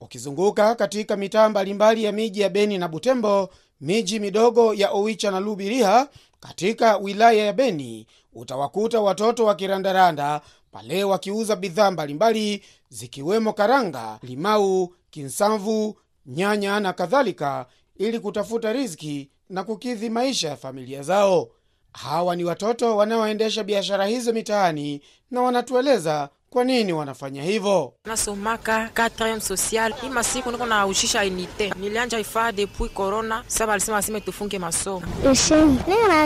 Ukizunguka katika mitaa mbalimbali ya miji ya Beni na Butembo, miji midogo ya Owicha na Lubiliha katika wilaya ya Beni, utawakuta watoto wakirandaranda pale wakiuza bidhaa mbalimbali zikiwemo karanga, limau, kinsamvu, nyanya na kadhalika, ili kutafuta riziki na kukidhi maisha ya familia zao. Hawa ni watoto wanaoendesha biashara hizo mitaani na wanatueleza kwa nini wanafanya hivyo. Nasomaka katrem social hii masiku niko naushisha inite nilianja ifaa depuis corona saba alisema asime tufunge masomo ushini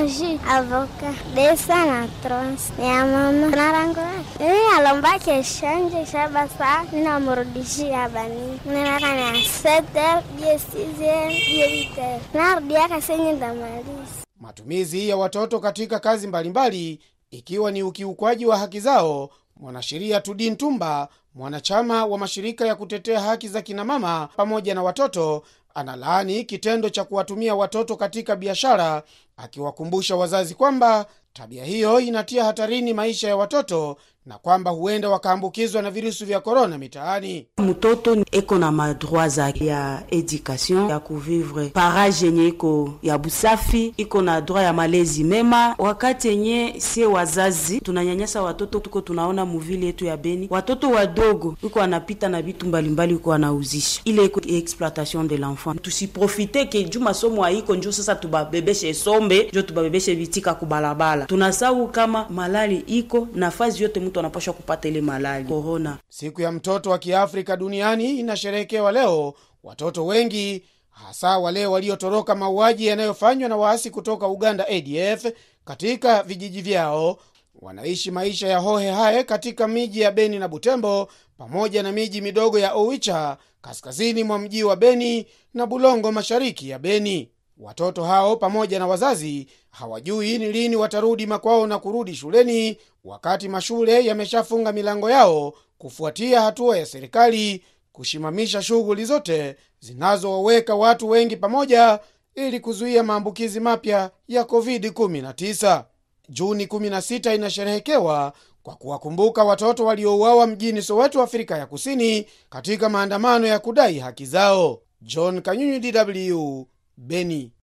niko avoka besa na trans ya mama narango ii alomba keshanje shaba saa ninamurudishi ninamurudishia bani ninakana sete biesizie bievite narudiaka senye ndamaliza matumizi ya watoto katika kazi mbalimbali ikiwa ni ukiukwaji wa haki zao. Mwanasheria Tudin Tumba, mwanachama wa mashirika ya kutetea haki za kinamama pamoja na watoto, analaani kitendo cha kuwatumia watoto katika biashara, akiwakumbusha wazazi kwamba tabia hiyo inatia hatarini maisha ya watoto na kwamba huenda wakaambukizwa na virusi vya korona mitaani. Mtoto eko na madroit zake ya education ya kuvivre parage yenye iko ya busafi, iko na droit ya malezi mema. Wakati yenye sie wazazi tunanyanyasa watoto, tuko tunaona muvili yetu ya Beni watoto wadogo iko anapita na vitu mbalimbali, iko anauzisha ile iko exploitation de l'enfant. Tusiprofite ke juu masomo haiko, njo sasa tubabebeshe sombe, njo tubabebeshe vitika kubalabala. Tunasau kama malali iko nafasi yote mtu anapashwa kupata ile malali korona. Siku ya mtoto wa Kiafrika duniani inasherehekewa leo. Watoto wengi hasa wale waliotoroka mauaji yanayofanywa na waasi kutoka Uganda ADF katika vijiji vyao wanaishi maisha ya hohe hae katika miji ya Beni na Butembo pamoja na miji midogo ya Owicha kaskazini mwa mji wa Beni na Bulongo mashariki ya Beni. Watoto hao pamoja na wazazi hawajui ni lini watarudi makwao na kurudi shuleni, wakati mashule yameshafunga milango yao kufuatia hatua ya serikali kusimamisha shughuli zote zinazowaweka watu wengi pamoja ili kuzuia maambukizi mapya ya COVID-19. Juni 16 inasherehekewa kwa kuwakumbuka watoto waliouawa mjini Soweto, Afrika ya Kusini, katika maandamano ya kudai haki zao. John Kanyunyu, DW Beni